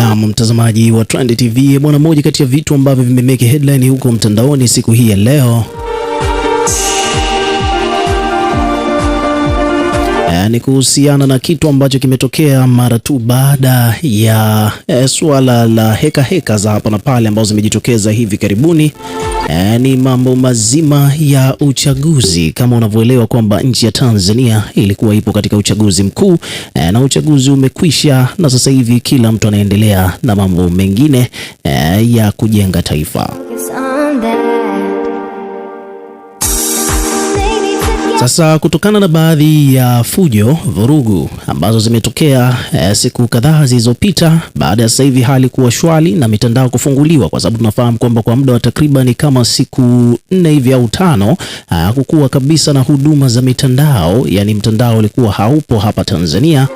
Naam, mtazamaji wa Trend TV bwana, moja kati ya vitu ambavyo vimemeke headline huko mtandaoni siku hii ya leo ni kuhusiana na kitu ambacho kimetokea mara tu baada ya e, suala la heka heka za hapa na pale ambazo zimejitokeza hivi karibuni. E, ni mambo mazima ya uchaguzi, kama unavyoelewa kwamba nchi ya Tanzania ilikuwa ipo katika uchaguzi mkuu e, na uchaguzi umekwisha, na sasa hivi kila mtu anaendelea na mambo mengine e, ya kujenga taifa. Sasa kutokana na baadhi ya fujo, vurugu ambazo zimetokea eh, siku kadhaa zilizopita, baada ya sasa hivi hali kuwa shwari na mitandao kufunguliwa, kwa sababu tunafahamu kwamba kwa muda wa takriban kama siku nne hivi au tano ah, hakukuwa kabisa na huduma za mitandao, yani mtandao ulikuwa haupo hapa Tanzania.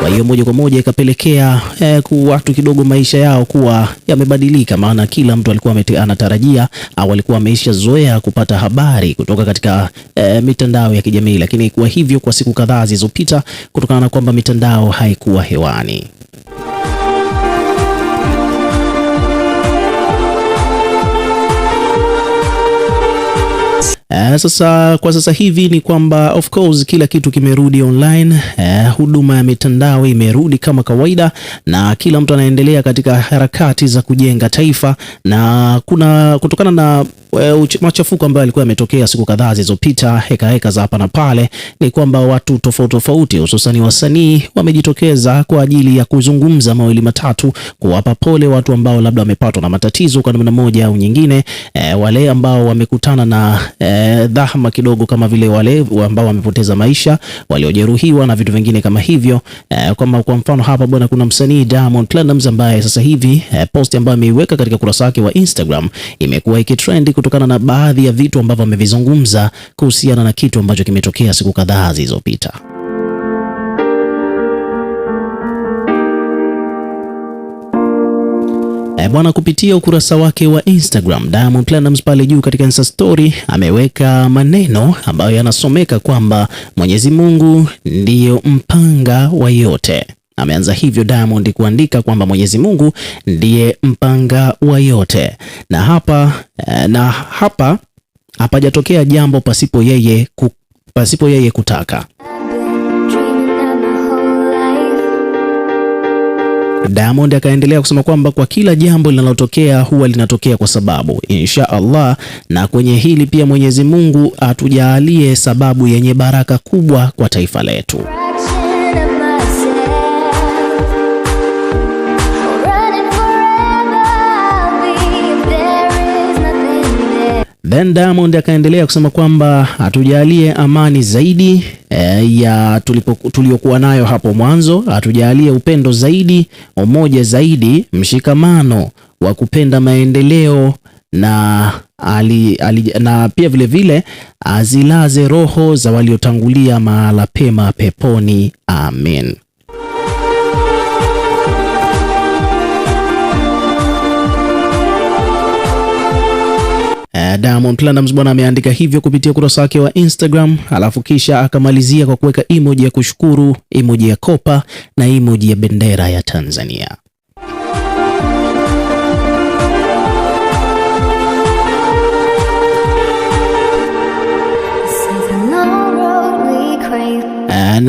Kwa hiyo moja kwa moja ikapelekea eh, watu kidogo maisha yao kuwa yamebadilika, maana kila mtu alikuwa anatarajia au alikuwa ameisha zoea kupata habari kutoka katika eh, mitandao ya kijamii, lakini kwa hivyo kwa siku kadhaa zilizopita, kutokana na kwamba mitandao haikuwa hewani Uh, sasa kwa sasa hivi ni kwamba of course kila kitu kimerudi online Uh, huduma ya mitandao imerudi kama kawaida, na kila mtu anaendelea katika harakati za kujenga taifa, na kuna kutokana na uh, machafuko ambayo yalikuwa yametokea siku kadhaa zilizopita, heka heka za hapa na pale, ni kwamba watu tofauti tofauti, hususan wasanii wamejitokeza kwa ajili ya kuzungumza mawili matatu, kuwapa pole watu ambao labda wamepatwa na matatizo kwa namna moja au nyingine, uh, wale ambao wamekutana na uh, Eh, dhahma kidogo kama vile wale ambao wamepoteza maisha, waliojeruhiwa na vitu vingine kama hivyo eh, kama kwa mfano hapa bwana, kuna msanii Diamond Platnumz ambaye sasa hivi eh, posti ambayo ameiweka katika ukurasa wake wa Instagram imekuwa ikitrend kutokana na baadhi ya vitu ambavyo amevizungumza kuhusiana na kitu ambacho kimetokea siku kadhaa zilizopita. E bwana, kupitia ukurasa wake wa Instagram Diamond Platnumz pale juu katika Insta story ameweka maneno ambayo yanasomeka kwamba Mwenyezi Mungu ndiyo mpanga wa yote. Ameanza hivyo Diamond kuandika kwamba Mwenyezi Mungu ndiye mpanga wa yote, na hapa eh, na hapa hapajatokea jambo pasipo yeye, ku, pasipo yeye kutaka. Diamond akaendelea kusema kwamba kwa kila jambo linalotokea huwa linatokea kwa sababu, insha Allah, na kwenye hili pia Mwenyezi Mungu atujaalie sababu yenye baraka kubwa kwa taifa letu. Then Diamond akaendelea kusema kwamba hatujalie amani zaidi e, ya tuliyokuwa nayo hapo mwanzo, hatujalie upendo zaidi, umoja zaidi, mshikamano wa kupenda maendeleo na, ali, ali, na pia vilevile azilaze roho za waliotangulia mahala pema peponi. Amen. Diamond Platnumz bwana ameandika hivyo kupitia ukurasa wake wa Instagram, alafu kisha akamalizia kwa kuweka emoji ya kushukuru, emoji ya kopa na emoji ya bendera ya Tanzania.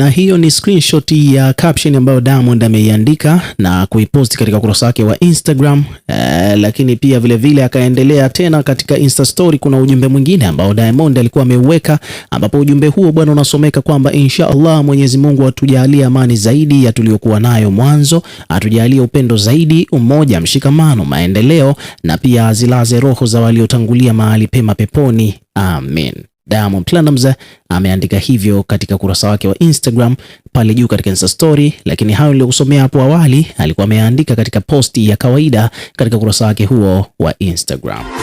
na hiyo ni screenshot ya caption ambayo Diamond ameiandika na kuiposti katika ukurasa wake wa Instagram eh, lakini pia vilevile akaendelea tena katika Insta story, kuna ujumbe mwingine ambao Diamond alikuwa ameuweka, ambapo ujumbe huo bwana unasomeka kwamba insha Allah Mwenyezi Mungu atujalie amani zaidi ya tuliyokuwa nayo mwanzo, atujalie upendo zaidi, umoja, mshikamano, maendeleo na pia azilaze roho za waliotangulia mahali pema peponi, amen. Diamond Platnumz ameandika hivyo katika kurasa wake wa Instagram pale juu katika Insta story, lakini hayo niliyokusomea hapo awali alikuwa ameandika katika posti ya kawaida katika kurasa wake huo wa Instagram.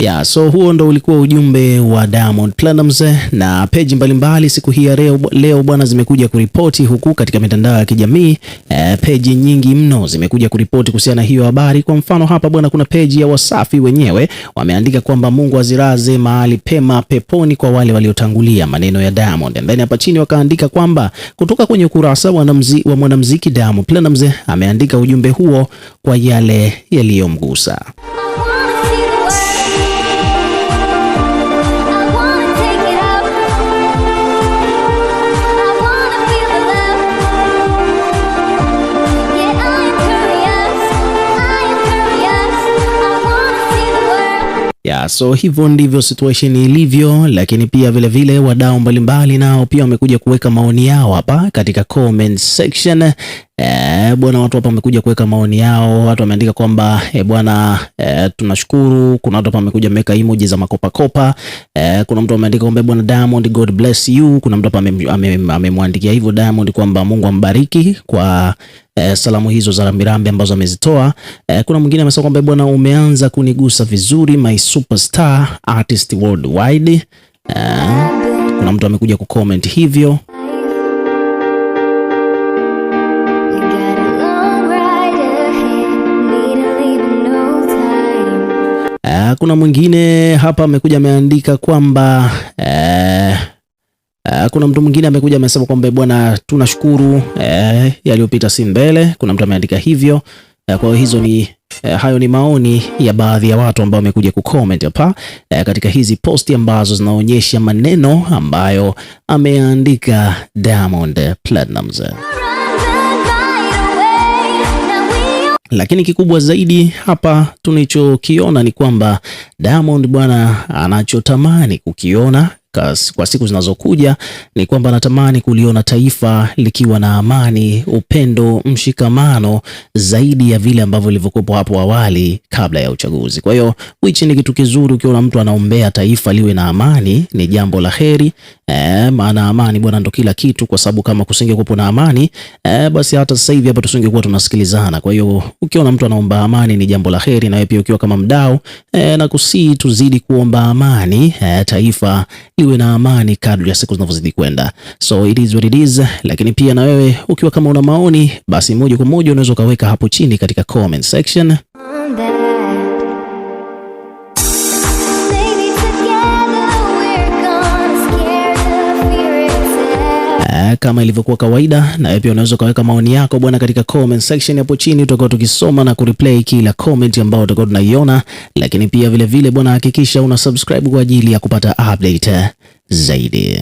Yeah, so huo ndo ulikuwa ujumbe wa Diamond Platnumz na peji mbalimbali siku hii ya leo, leo bwana zimekuja kuripoti huku katika mitandao ya kijamii e, peji nyingi mno zimekuja kuripoti kuhusiana na hiyo habari. Kwa mfano hapa bwana, kuna peji ya Wasafi wenyewe wameandika kwamba Mungu aziraze mahali pema peponi kwa wale waliotangulia maneno ya Diamond. Then hapa chini wakaandika kwamba kutoka kwenye ukurasa wa mwanamuziki Diamond Platnumz ameandika ujumbe huo kwa yale yaliyomgusa. So hivyo ndivyo situation ilivyo, lakini pia vile vile wadau mbalimbali nao pia wamekuja kuweka maoni yao hapa katika comment section E, bwana watu hapa wamekuja kuweka maoni yao. Watu wameandika kwamba e, bwana e, tunashukuru. Kuna watu hapa wamekuja wameweka emoji za makopa kopa. e, kuna mtu ameandika kwamba bwana Diamond God bless you. Kuna mtu hapa amemwandikia hivyo Diamond kwamba Mungu ambariki kwa e, salamu hizo za rambirambi ambazo amezitoa. E, kuna mwingine amesema kwamba bwana umeanza kunigusa vizuri, my superstar artist worldwide. E, kuna mtu amekuja kucomment hivyo Uh, kuna mwingine hapa amekuja ameandika kwamba uh, uh, kuna mtu mwingine amekuja amesema kwamba bwana, tunashukuru uh, yaliyopita si mbele. Kuna mtu ameandika hivyo uh, kwa hizo ni uh, hayo ni maoni ya baadhi ya watu ambao wamekuja kucomment hapa uh, katika hizi posti ambazo zinaonyesha maneno ambayo ameandika Diamond Platnumz. Lakini kikubwa zaidi hapa tunachokiona ni kwamba Diamond bwana, anachotamani kukiona kwa siku zinazokuja ni kwamba anatamani kuliona taifa likiwa na amani, upendo, mshikamano zaidi ya vile ambavyo ilivyokuwepo hapo awali kabla ya uchaguzi. Kwa hiyo wichi ni kitu kizuri. Ukiona mtu anaombea taifa liwe na amani, ni jambo la heri, Eh, maana amani bwana ndo kila kitu, kwa sababu kama kusingekuwa na amani eh, basi hata sasa hivi hapa tusingekuwa tunasikilizana. Kwa hiyo ukiona mtu anaomba amani ni jambo la heri, na wewe pia ukiwa kama mdau eh, na kusii tuzidi kuomba amani eh, taifa liwe na amani kadri ya siku zinavyozidi kwenda, so it is what it is. Lakini pia na wewe ukiwa kama una maoni, basi moja kwa moja unaweza ukaweka hapo chini katika comment section. kama ilivyokuwa kawaida, na pia unaweza ukaweka maoni yako bwana katika comment section hapo chini, tutakuwa tukisoma na kureplay kila comment ambayo tutakuwa tunaiona. Lakini pia vilevile bwana, hakikisha una subscribe kwa ajili ya kupata update zaidi.